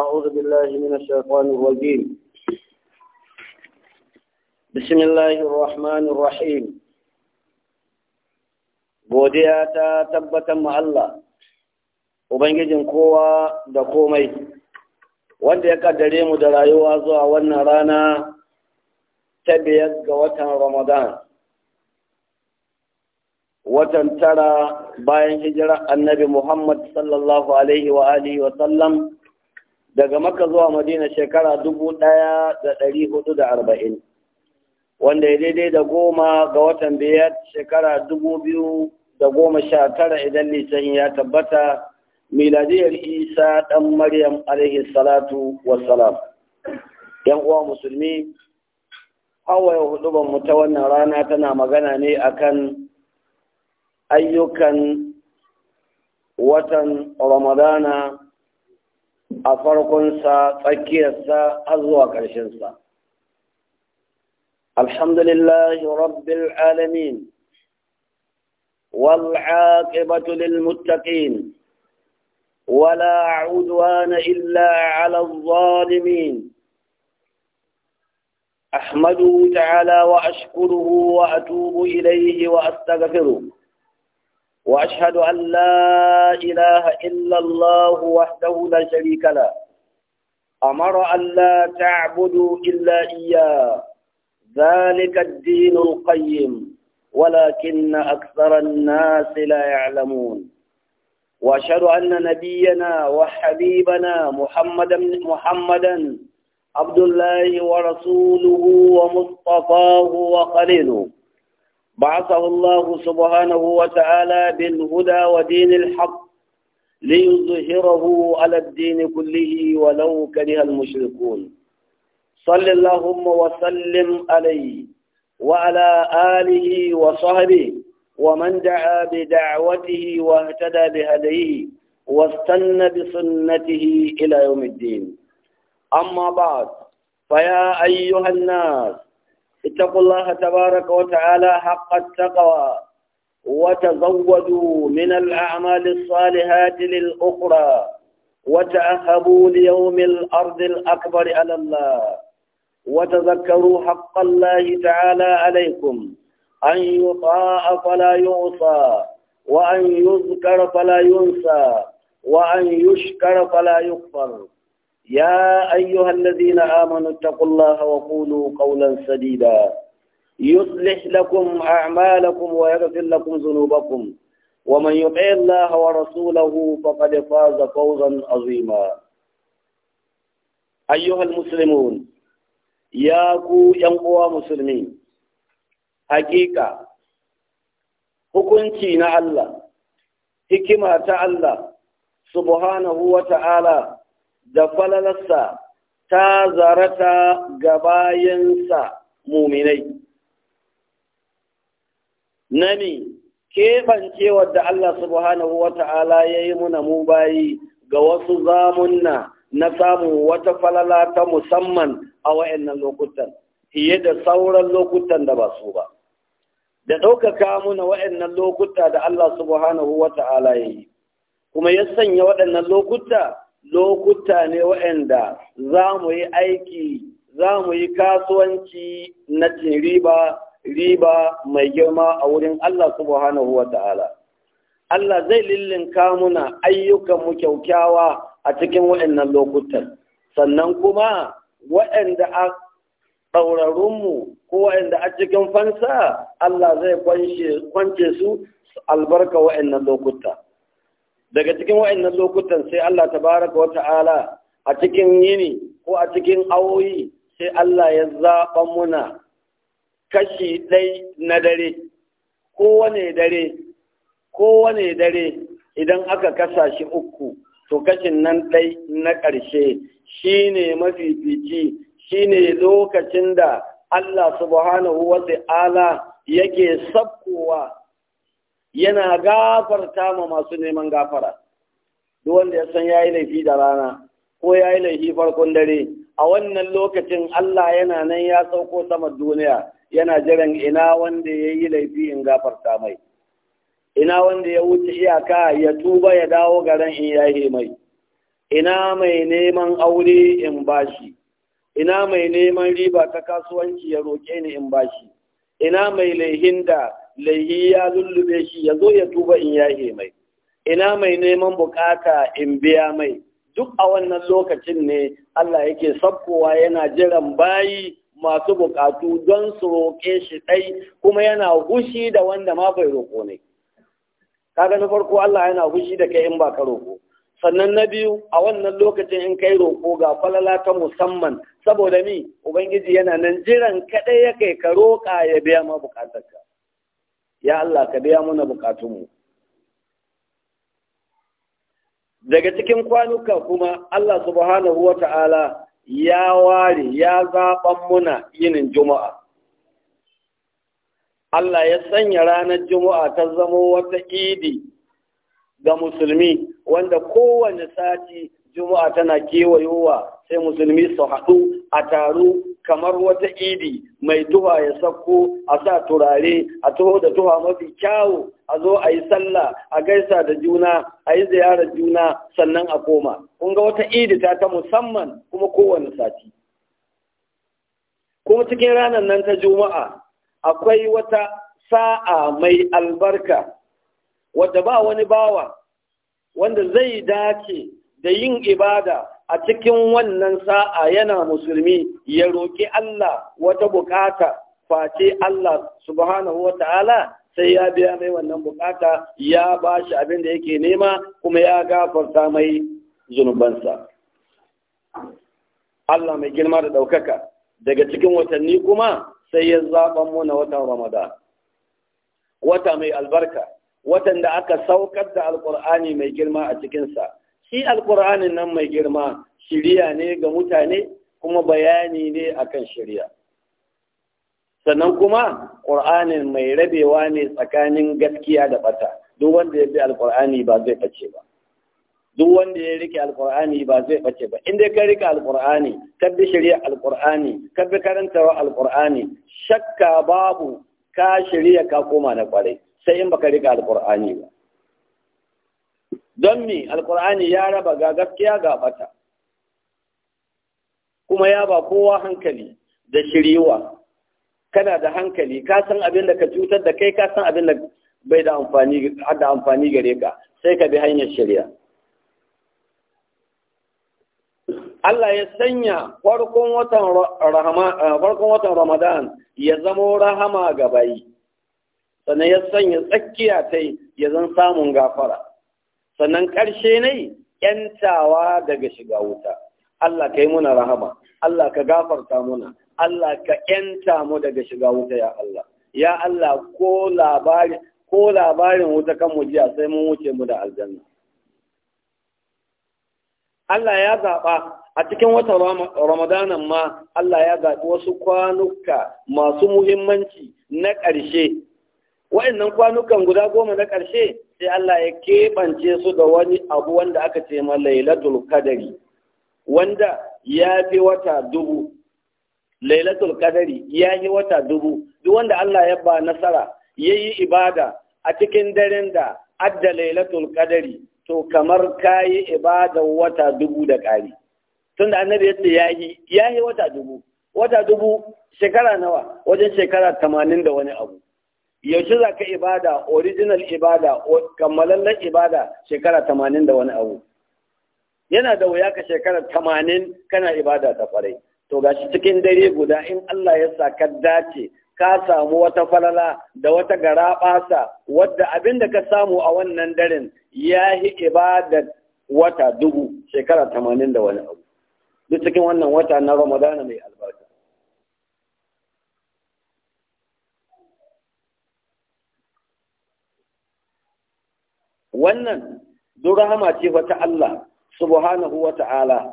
أعوذ بالله من الشيطان الرجيم بسم الله الرحمن الرحيم godiya ta tabbatar ma Allah ubangijin kowa da komai wanda ya kaddare mu da rayuwa zuwa wannan rana ta biyar ga watan Ramadan watan tara bayan hijirar annabi Muhammad sallallahu alaihi wa alihi wa sallam daga maka zuwa madina shekara dubu ɗaya da ɗari hudu da arba'in wanda ya daidai da goma ga watan biyar shekara dubu biyu da goma sha tara idan lisan ya tabbata miladiyar isa ɗan maryam alaihi salatu wassalam yan uwa musulmi hawaye hudu mu ta wannan rana tana magana ne akan ayyukan watan ramadana a سا tsakiyarsa har سا الحمد لله رب العالمين والعاقبة للمتقين ولا عدوان إلا على الظالمين أحمده تعالى وأشكره وأتوب إليه وأستغفره وأشهد أن لا إله إلا الله وحده لا شريك له أمر أن لا تعبدوا إلا إياه ذلك الدين القيم ولكن أكثر الناس لا يعلمون وأشهد أن نبينا وحبيبنا محمدا محمدا عبد الله ورسوله ومصطفاه وخليله بعثه الله سبحانه وتعالى بالهدى ودين الحق ليظهره على الدين كله ولو كره المشركون صل اللهم وسلم عليه وعلى آله وصحبه ومن دعا بدعوته واهتدى بهديه واستنى بسنته إلى يوم الدين أما بعد فيا أيها الناس اتقوا الله تبارك وتعالى حق التقوى وتزودوا من الأعمال الصالحات للأخرى وتأهبوا ليوم الأرض الأكبر على الله وتذكروا حق الله تعالى عليكم أن يطاع فلا يعصى وأن يذكر فلا ينسى وأن يشكر فلا يكفر يا أيها الذين آمنوا اتقوا الله وقولوا قولا سديدا يصلح لكم أعمالكم ويغفر لكم ذنوبكم ومن يطع الله ورسوله فقد فاز فوزا عظيما أيها المسلمون يا كو ينقوى مسلمين حقيقة hukunci na Allah, hikima ta Allah, subhanahu wa ta'ala da falalarsa ta zarata ga bayansa muminai. Nani, kefancewar da Allah subhanahu wa ta'ala ya yi muna mu bayi ga wasu zamunna na samun wata falala ta musamman a wa'yannan lokutan, fiye da sauran lokutan da ba su ba. Da ɗaukaka muna wa'yannan lokuta da Allah subhanahu wa ta'ala ya yi, kuma ya sanya waɗannan lokuta lokuta ne waɗanda za mu yi aiki za mu yi kasuwanci na cin riba riba mai girma a wurin Allah subhanahu wa ta'ala. Allah zai lillinka muna mu kyaukyawa a cikin waɗannan lokutan, sannan kuma waɗanda a ɗaurarunmu ko waɗanda a cikin fansa Allah zai kwance su albarka waɗannan lokuta. daga cikin wa'annan lokutan sai Allah tabaraka wata'ala a cikin yini ko a cikin awoyi sai Allah ya zaɓa muna kashi ɗai na dare kowane dare kowane dare idan aka kasa shi uku to kashin nan ɗai na ƙarshe shi ne mafifici shi ne lokacin da Allah subhanahu wa ta'ala yake sabkowa yana gafarta ma masu neman gafara duk wanda ya san yayi laifi da rana ko yayi laifi farkon dare a wannan lokacin Allah yana nan ya sauko sama duniya yana jiran ina wanda ya yi laifi in gafarta mai ina wanda ya wuce iyaka ya tuba ya dawo garin in yahe mai ina mai neman aure in bashi ina mai neman riba ta kasuwanci ya roke ni in bashi ina mai laihin da laihi ya lullube shi ya zo ya tuba in yahe mai ina mai neman bukata in biya mai duk a wannan lokacin ne Allah yake sabkowa yana jiran bayi masu bukatu don su roƙe shi ɗai kuma yana hushi da wanda ma bai roƙo ne kaga na farko Allah yana hushi da kai in ba ka roƙo sannan na biyu a wannan lokacin in kai roƙo ga falala ta musamman saboda mi ubangiji yana nan jiran kaɗai ya kai ka roƙa ya biya ma bukatarka ya Allah ka biya muna bukatunmu daga cikin kwanuka kuma Allah subhanahu wa ta'ala ya ware ya zaɓan muna yinin juma'a Allah ya sanya ranar juma'a ta zamo wata idi ga musulmi wanda kowane sati juma'a tana kewayowa sai musulmi su haɗu a taru kamar wata idi mai tuha ya sauko a sa turare a taho da tuha mafi kyawu a zo a yi sallah a gaisa da juna a yi ziyarar juna sannan a koma kun ga wata idi ta ta musamman kuma kowane sati kuma cikin ranar nan ta juma'a akwai wata sa'a mai albarka wadda ba wani bawa wanda zai dace da yin ibada a cikin wannan sa'a yana musulmi ya roƙi Allah wata bukata face Allah subhanahu wa ta'ala sai ya biya mai wannan bukata ya ba shi abin da yake nema kuma ya gafarta mai zunubansa. Allah mai girma da ɗaukaka daga cikin watanni kuma sai ya zaɓan muna watan Ramadan. Wata mai albarka, watan da aka saukar da Alƙur'ani mai girma a cikinsa. shi alƙur'anin nan mai girma shirya ne ga mutane kuma bayani ne akan shirya. sannan kuma ƙur'anin mai rabewa ne tsakanin gaskiya da bata duk wanda ya bi alƙur'ani ba zai ɓace ba duk wanda ya rike alƙur'ani ba zai ɓace ba inda ka rike alƙur'ani ka bi shari'a alƙur'ani ka bi karantarwa alƙur'ani shakka babu ka shirya ka koma na kwarai sai in baka rike alƙur'ani ba don me alkur'ani ya raba ga gaskiya ga bata kuma ya ba kowa hankali da shiriwa kana da hankali ka san abin da ka cutar da kai ka san abin da bai da amfani gare ka sai ka bi hanyar shirya. Allah ya sanya farkon watan eh, farkon watan Ramadan ya zama rahama ga bayi sannan ya sanya tsakiya tai ya zan samun gafara sannan ƙarshe ne ‘yantawa daga shiga wuta. Allah ka yi muna rahama, Allah ka gafarta muna, Allah ka ‘yanta mu daga shiga wuta ya Allah. Ya Allah ko labarin ko labarin wuta kan mu jiya sai mun wuce mu da aljanna. Allah ya zaɓa a cikin wata Ramadanan ma Allah ya zaɓi wasu kwanuka masu muhimmanci na ƙarshe. Wa'annan kwanukan guda goma na ƙarshe sai Allah ya keɓance su da wani abu wanda aka ce ma lailatul kadari wanda ya fi wata dubu lailatul kadari ya yi wata dubu duk wanda Allah ya ba nasara ya yi ibada a cikin daren da adda lailatul kadari to kamar ka yi ibada wata dubu da ƙari tunda annabi ya ce ya yi wata dubu wata dubu shekara nawa wajen shekara tamanin da wani abu yaushe za ka ibada original ibada kammalallen ibada shekara tamanin da wani abu yana da wuya ka shekara tamanin kana ibada ta farai to gashi cikin dare guda in Allah ya sa ka dace ka samu wata falala da wata gara ɓasa wadda abin da ka samu a wannan daren ya yi ibada wata dubu shekara tamanin da wani abu duk cikin wannan wata na ramadana mai albarka wannan durama rahama ce wata Allah subhanahu wa ta'ala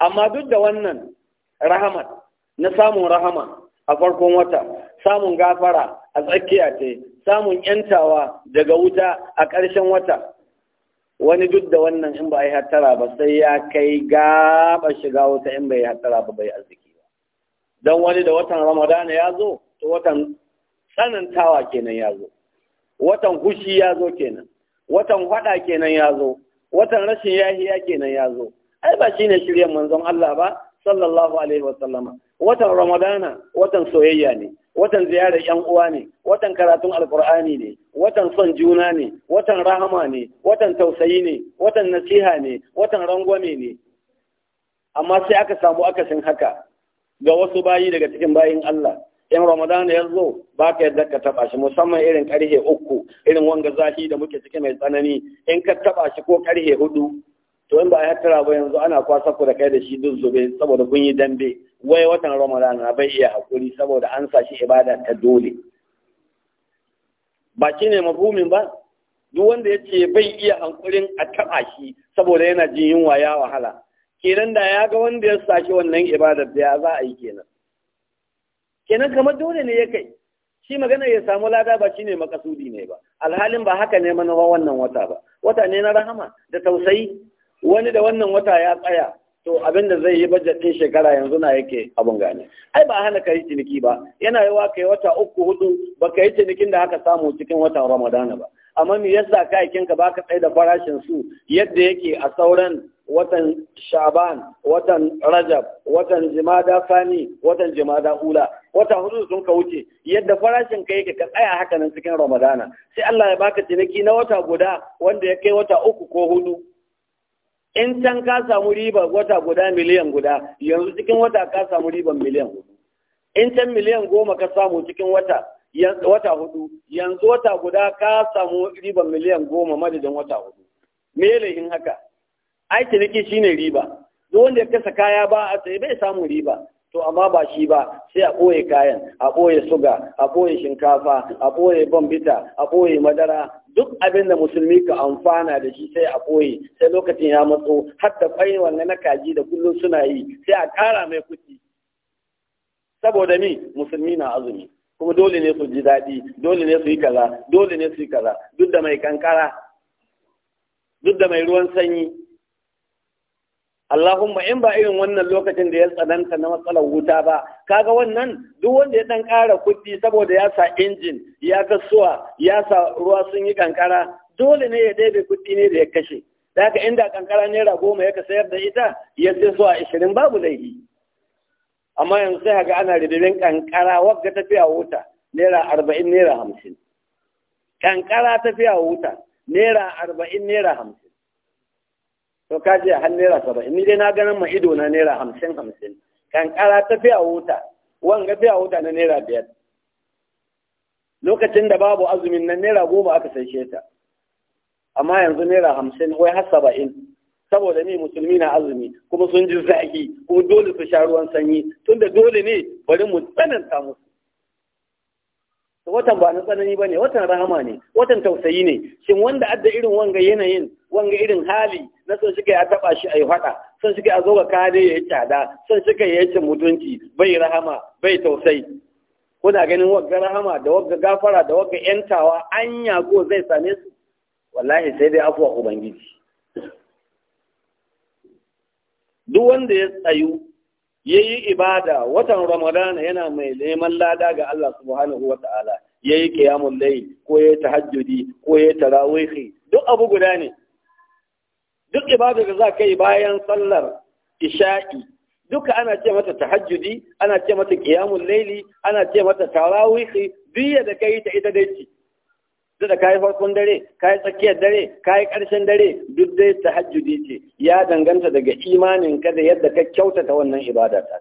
amma duk da wannan rahamat na samun rahama a farkon wata samun gafara a tsakiya ce samun yantawa daga wuta a ƙarshen wata wani duk da wannan in ba a yi hattara ba sai ya kai gaba shiga wuta in bai yi hattara ba bai arziki ba don wani da watan ramadana ya zo to watan tsanantawa kenan ya zo watan hushi ya zo kenan watan hada kenan ya zo watan rashin yahiya kenan ya zo ai ba shine shiryan manzon Allah ba sallallahu alaihi wasallama watan ramadana watan soyayya ne watan ziyarar yan uwa ne watan karatun alkur'ani ne watan son juna ne watan rahama ne watan tausayi ne watan nasiha ne watan rangwame ne amma sai aka samu akasin haka ga wasu bayi daga cikin bayin Allah in ramadan ya zo ba ka yadda ka taba shi musamman irin karhe uku irin wanga zafi da muke cike mai tsanani in ka taba shi ko karhe hudu to in ba a hattara ba yanzu ana kwasa ku da kai da shi duk zube saboda kun yi dambe wai watan ramadan na bai iya hakuri saboda an sa shi ibada ta dole ba shi ne mafhumin ba duk wanda ya ce bai iya hankulin a taba shi saboda yana jin yunwa ya wahala kenan da ya ga wanda ya sa shi wannan ibadar da ya za a yi kenan kenan kamar dole ne ya kai shi magana ya samu lada ba ne makasudi ne ba alhalin ba haka ne manufa wannan wata ba wata ne na rahama da tausayi wani da wannan wata ya tsaya to abin da zai yi bajet ɗin shekara yanzu na yake abun gane ai ba hana kai ciniki ba yana yawa kai wata uku hudu ba kai cinikin da haka samu cikin wata ramadana ba amma me yasa kayakin ka baka tsaye da farashin su yadda yake a sauran watan shaban watan rajab watan jimada sani watan jimada ula wata hudu sun ka wuce yadda farashin ka yake ka tsaya haka nan cikin ramadana sai Allah ya baka ciniki na wata guda wanda ya kai wata uku ko hudu in can ka samu riba wata guda miliyan guda yanzu cikin wata ka samu riban miliyan hudu in can miliyan goma ka samu cikin wata wata hudu yanzu wata guda ka samu riban miliyan goma madadin wata hudu me haka nake shi shine riba duk wanda ya kasa kaya ba a sai bai samu riba to amma ba shi ba sai a ɓoye kayan a ɓoye suga a ɓoye shinkafa a ɓoye bambita a ɓoye madara duk abin da musulmi ka amfana da shi sai a ɓoye sai lokacin ya matso har da kwai na kaji da kullum suna yi sai a ƙara mai kuɗi saboda ni musulmi na azumi kuma dole ne su ji daɗi dole ne su yi kaza dole ne su yi kaza duk da mai kankara duk da mai ruwan sanyi Allahumma in ba irin wannan lokacin da ya tsananta na matsalar wuta ba kaga wannan duk wanda ya ɗan ƙara kuɗi saboda ya sa injin ya ga ya sa ruwa sun yi ƙanƙara. dole ne ya dabe kuɗi ne da ya kashe da inda ƙanƙara naira goma ya ka sayar da ita ya sai suwa ishirin babu laifi amma yanzu sai haka ana ribibin ƙanƙara. wagga tafiya wuta naira arba'in naira hamsin Ƙanƙara tafiya wuta naira arba'in naira hamsin to ka je har naira saba'in ni dai na ganin ma ido na naira hamsin hamsin kankara ta fi a wuta wanga fi a wuta na naira biyar lokacin da babu azumin na naira goma aka saishe ta amma yanzu naira hamsin wai har saba'in saboda ni musulmi na azumi kuma sun ji zaki kuma dole su sha ruwan sanyi tunda dole ne bari mu tsananta musu watan ba na tsanani ba ne watan rahama ne watan tausayi ne shin wanda adda irin wanga yanayin wanga irin hali na son shi kai a taba shi a yi hada son shi kai a zo ga kare ya yi tsada son shi kai ya yi mutunci bai rahama bai tausayi kuna ganin wagga rahama da wagga gafara da wagga yantawa anya ko zai same su wallahi sai dai afuwa ubangiji duk wanda ya tsayu yayi ibada watan ramadana yana mai neman lada ga Allah subhanahu wa ta'ala yi ƙiyamun lai ko ya ta hajjudi, ko ya ta tarawih duk abu guda ne duk ibada da za ka yi bayan sallar isha'i duka ana ce mata ta hajjudi, ana ce mata ƙiyamun layli ana ce mata ta tarawih duk da kai ta ita dai sai da kayi farkon dare kayi tsakiyar dare kayi ƙarshen dare duk dai tahajjudi ce ya danganta daga imanin kada yadda ka kyautata wannan ibada ta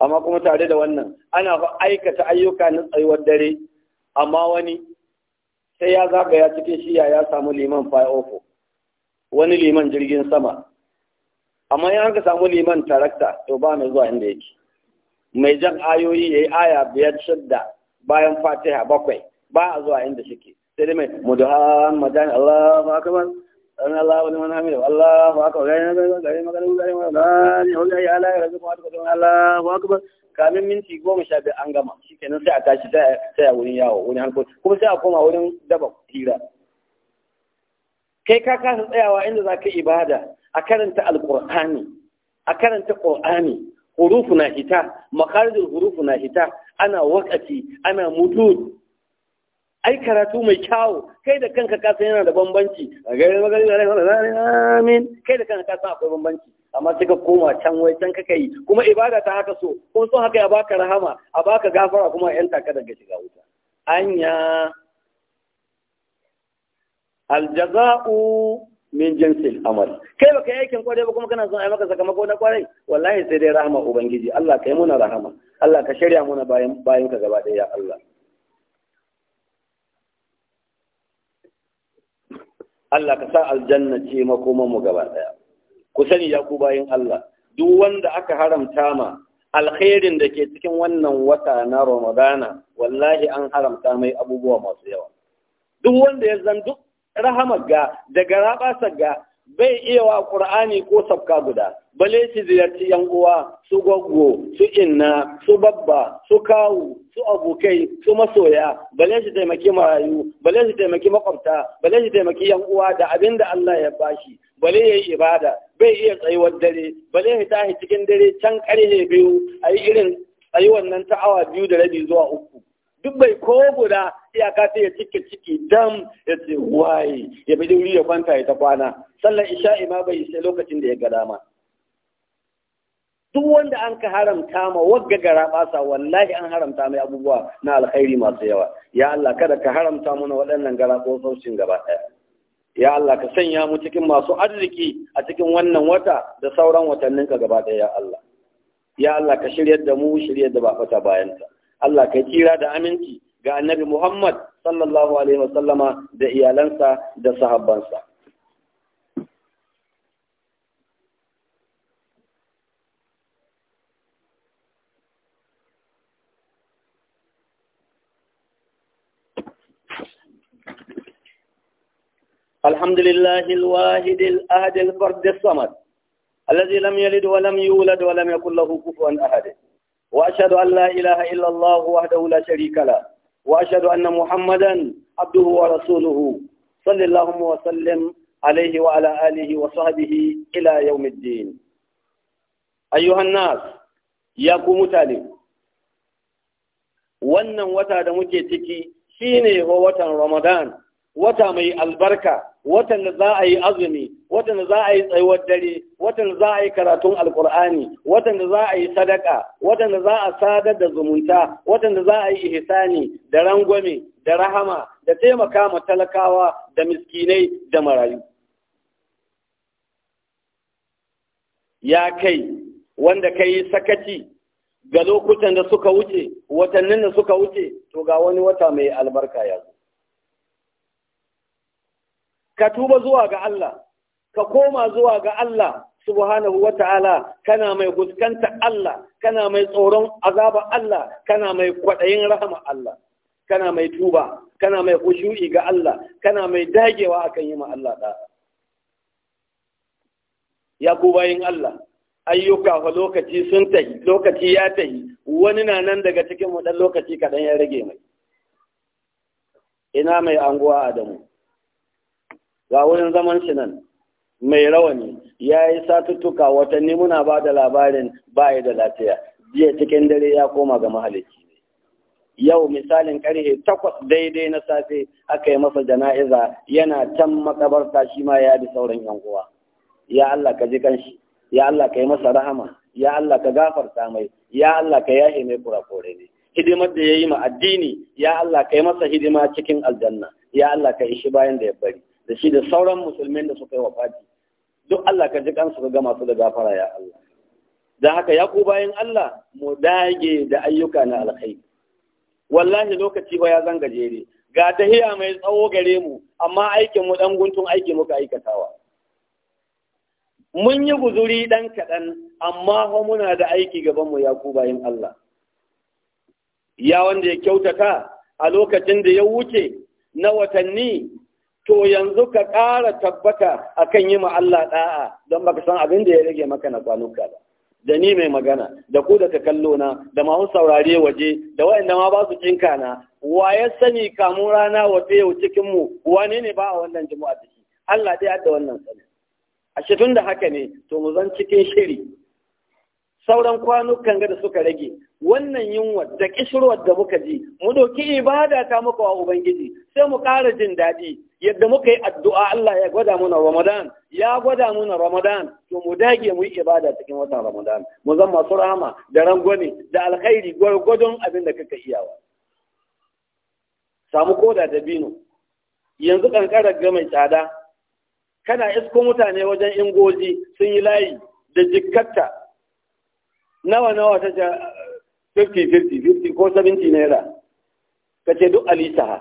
amma kuma tare da wannan ana fa aikata ayyuka na tsayuwar dare amma wani sai ya zagaya cikin shiya ya samu liman fayofo oh wani liman jirgin sama amma in aka samu liman tarakta to ba mai zuwa inda yake mai jan ayoyi ya yi aya biyar shidda bayan fatiha bakwai ba a zuwa inda shike sai dai mai mudahan madani Allahu akbar an Allahu liman hamidu Allahu akbar gari magana gari magana gari magana ne Allah ya ala razu kuma ta Allahu akbar kamin minti goma sha biyar an gama shikenan sai a tashi sai a wurin yawo wani harkoki kuma sai a koma wurin daba hira kai ka kasa tsayawa inda za ka ibada a karanta alkur'ani a karanta qur'ani hurufu na hita makarijin hurufu na hita ana wakati ana mutu ai karatu mai kyawu kai da kanka ka san yana da bambanci amin kai da kanka ka san akwai bambanci amma sai ka koma can wai can kaka yi kuma ibada ta haka so ko so haka ya baka rahama a baka gafara kuma yan taka daga shiga wuta anya aljaza'u min jinsil amal kai baka yi aikin kwarai ba kuma kana son ai maka sakamako na kwarai wallahi sai dai rahama ubangiji Allah kai muna rahama Allah ka shirya muna bayan bayan ka gaba ɗaya Allah Allah ka sa aljanna ce makoman mu gaba daya ku sani ya ku bayin Allah duk wanda aka haramta ma alkhairin da ke cikin wannan wata na Ramadana wallahi an haramta mai abubuwa masu yawa duk wanda ya zan duk rahamar ga daga garabasar ga bai iya wa ƙur'ani ko sabka guda bale shi ziyarci yan uwa su gwaggo su inna su babba su kawu su abokai su masoya bale shi taimaki marayu bale shi taimaki makwabta bale shi taimaki yan uwa da abin da Allah ya bashi bale ya yi ibada bai iya tsayuwar dare bale ya tashi cikin dare can karhe biyu a yi irin tsayuwar nan ta awa biyu da rabi zuwa uku duk bai ko guda iyaka ta ya cike ciki dam ya ce waye ya bi wuri ya kwanta ya ta kwana sallar isha'i ma bai sai lokacin da ya ga dama duk wanda an ka haramta ma wagga gara basa wallahi an haramta mai abubuwa na alkhairi masu yawa ya Allah kada ka haramta mana waɗannan gara tsotsocin gaba ɗaya ya Allah ka sanya mu cikin masu arziki a cikin wannan wata da sauran watanninka gaba ɗaya ya Allah ya Allah ka shiryar da mu shiryar da ba fata bayanta Allah kai tsira da aminci ga annabi Muhammad sallallahu alaihi wasallama da iyalansa da sahabbansa الحمد لله الواحد الأحد الفرد الصمد الذي لم يلد ولم يولد ولم يكن له كفوا أحد وأشهد أن لا إله إلا الله وحده لا شريك له وأشهد أن محمدا عبده ورسوله صلى الله وسلم عليه وعلى آله وصحبه إلى يوم الدين أيها الناس يا متالي wannan wata da muke ciki shine watan Ramadan wata mai albarka watan da za a yi azumi watan da za a yi tsayuwar dare watan da za a yi karatun alkur'ani watan da za a yi sadaka watan da za a sadar da zumunta watan da za a yi ihsani da rangwame da rahama da taimaka ma talakawa da miskinai da marayu ya kai wanda ka yi sakaci ga lokutan da suka wuce watannin da suka wuce to ga wani wata mai albarka ya ka tuba zuwa ga Allah ka koma zuwa ga Allah subhanahu wa ta'ala kana mai fuskanta Allah kana mai tsoron azaba Allah kana mai kwaɗayin rahama Allah kana mai tuba kana mai khushu'i ga Allah kana mai dagewa akan yi ma Allah da ya ku Allah ayyuka fa lokaci sun tahi lokaci ya tahi wani na nan daga cikin mu lokaci kaɗan ya rage mai ina mai anguwa Adamu ga wurin zaman shi nan mai rawani ya yi satuttuka watanni muna ba da labarin baya da lafiya jiya cikin dare ya koma ga mahalicci yau misalin karhe takwas daidai na safe aka yi masa jana'iza yana can makabarta shi ma ya bi sauran yan uwa ya Allah ka ji kanshi ya Allah ka yi masa rahama ya Allah ka gafarta mai ya Allah ka yahe mai kurakure ne hidimar da ya yi ma addini ya Allah ka yi masa hidima cikin aljanna ya Allah ka ishi bayan da ya bari da shi da sauran musulmin da suka yi wa faɗi duk Allah ka ji kansu ka gama su da gafara ya Allah dan haka ya ku bayan Allah mu dage da ayyuka na alkhairi wallahi lokaci ba ya zanga jere, ga tahiya mai tsawo gare mu amma aikin mu dan guntun aiki muka aikatawa mun yi guzuri dan kaɗan amma ho muna da aiki gaban mu ya ku bayan Allah ya wanda ya kyautata a lokacin da ya wuce na watanni to yanzu ka ƙara tabbata akan yi ma Allah ɗa'a don baka san abin da ya rage maka na kwanuka ba da ni mai magana da ku da ka kallo na da masu saurare waje da waɗanda ma ba su na wa ya sani kamu rana wata yau cikin mu wane ne ba a wannan jima'a ciki Allah ɗaya da wannan sani a tun da haka ne to mu zan cikin shiri sauran kwanukan ga da suka rage wannan yunwa da kishirwar da muka ji mu doki ibada ta muka wa ubangiji sai mu ƙara jin daɗi yadda muka yi addu'a Allah ya gwada muna Ramadan ya gwada muna Ramadan to mu dage mu yi ibada cikin watan Ramadan mu zan masu rahama da rangwani da alkhairi gwargwadon abin da kaka iyawa samu koda da bino yanzu kankarar ga mai tsada kana isko mutane wajen ingoji sun yi layi da jikkata. nawa nawa ta ce 50-50 ko 70 naira ka ce duk alisaha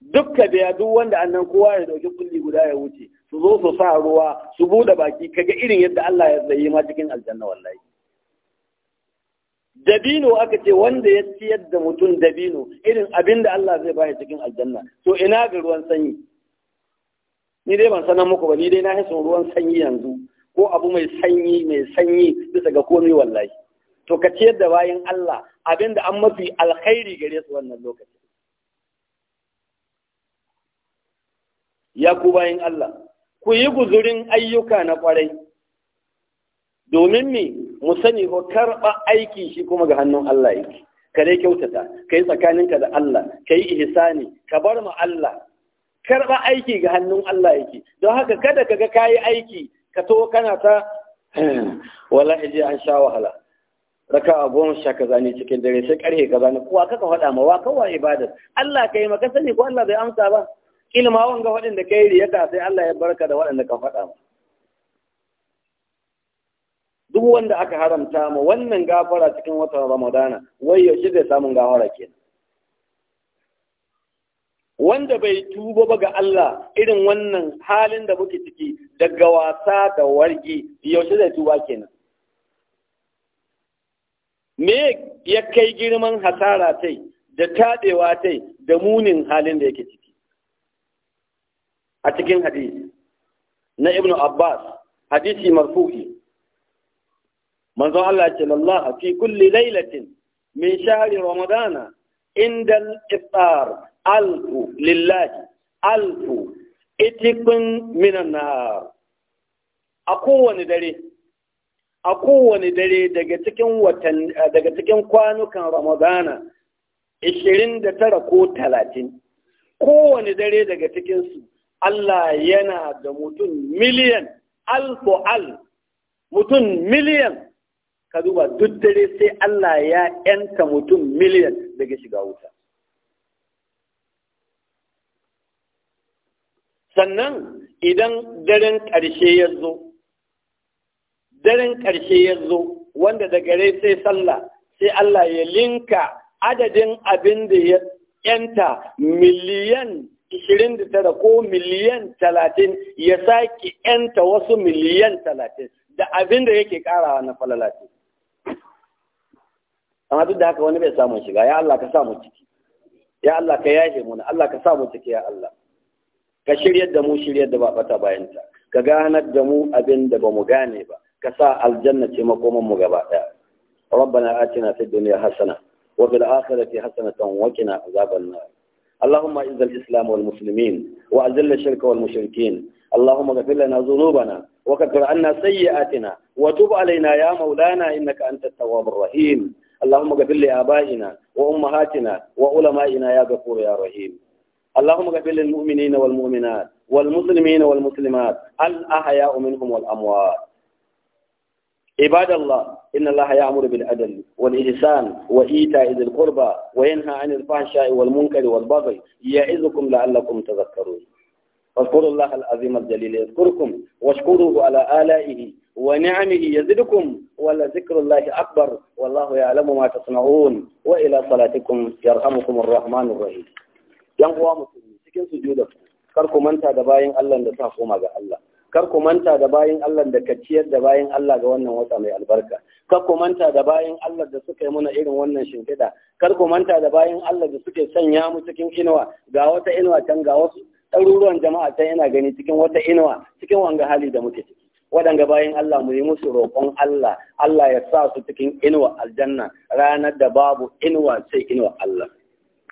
duk ka biya duk wanda annan kowa ya dauki kulli guda ya wuce su zo su sa ruwa su bude baki kaga irin yadda Allah ya tsaye ma cikin aljanna wallahi dabino aka ce wanda ya ciyar da mutum dabino irin abin da Allah zai baya cikin aljanna to ina ga ruwan sanyi ni dai ban sanar muku ba ni dai na hisan ruwan sanyi yanzu ko abu mai sanyi mai sanyi bisa ga komai wallahi to ka ciyar da bayan Allah abinda an mafi alkhairi gare su wannan lokaci ya ku bayan Allah ku yi guzurin ayyuka na kwarai domin me mu sani ko karɓa aiki shi kuma ga hannun Allah yake ka dai kyautata ka yi tsakaninka da Allah ka yi ihsani ka bar mu Allah karɓa aiki ga hannun Allah yake don haka kada ka ga kayi aiki ka to kana ta wala je an sha wahala raka a goma sha kaza ne cikin dare sai karhe kaza ne kuwa kaka faɗa ma wa kawa ibadar Allah kai maka sani ko Allah bai amsa ba ilma wanga waɗanda kai riyata sai Allah ya barka da waɗanda ka faɗa ma duk wanda aka haramta ma wannan gafara cikin watan Ramadana wai yaushe zai samun gafara kenan wanda bai tuba ba ga Allah irin wannan halin da muke ciki daga wasa da wargi yaushe zai tuba kenan me ya kai girman hasara tai da tadewa tai da munin halin da yake ciki a cikin hadisi na ibnu abbas hadisi marfu'i manzon Allah ce fi kulli lailatin min shahri ramadana inda al-iftar alfu lillahi alfu itikun minan na. a kowane dare a kowane dare daga cikin watan daga cikin kwanukan ramadana 29 ko 30 kowane dare daga cikin su Allah yana da mutum miliyan alfu al mutum miliyan ka duba duk dare sai Allah ya yanta mutum miliyan daga shiga wuta sannan idan daren ƙarshe ya zo daren ƙarshe ya zo wanda da gare sai sallah sai Allah ya linka adadin abin da ya yanta miliyan 29 ko miliyan 30 ya sake yanta wasu miliyan 30 da abin da yake karawa na falalati amma duk da haka wani bai samun shiga ya Allah ka samu ciki ya Allah ka yashe muna Allah ka samu ciki ya Allah ka shiryar da mu shiryar da ba bata bayanta ka ganar da mu abin da ba mu gane ba ka sa aljanna ce makoman mu gaba daya rabbana atina fid dunya hasana wa fil akhirati hasanatan wa qina azaban nar اللهم اعز الاسلام والمسلمين واذل الشرك والمشركين اللهم اغفر لنا ذنوبنا وكفر عنا سيئاتنا وتب علينا يا مولانا انك انت التواب الرحيم اللهم اغفر لابائنا وامهاتنا وعلمائنا يا غفور يا رحيم اللهم اغفر للمؤمنين والمؤمنات والمسلمين والمسلمات الأحياء منهم والأموات عباد الله إن الله يأمر بالعدل والإحسان وإيتاء ذي القربى وينهى عن الفحشاء والمنكر والبغي يعظكم لعلكم تذكرون فاذكروا الله العظيم الجليل يذكركم واشكروه على آلائه ونعمه يزدكم ولذكر الله أكبر والله يعلم ما تصنعون وإلى صلاتكم يرحمكم الرحمن الرحيم yan uwa musulmi cikin sujuda kar ku manta da bayin Allah da ta koma ga Allah kar ku manta da bayin Allah da ka ciyar da bayin Allah ga wannan wata mai albarka kar ku manta da bayin Allah da suka yi muna irin wannan shimfiɗa kar ku manta da bayin Allah da suke sanya mu cikin inuwa ga wata inuwa can ga wasu ɗaruruwan jama'a can yana gani cikin wata inuwa cikin wanga hali da muke ciki waɗanga bayan Allah mu yi musu roƙon Allah Allah ya sa su cikin inuwa aljanna ranar da babu inuwa sai inuwa Allah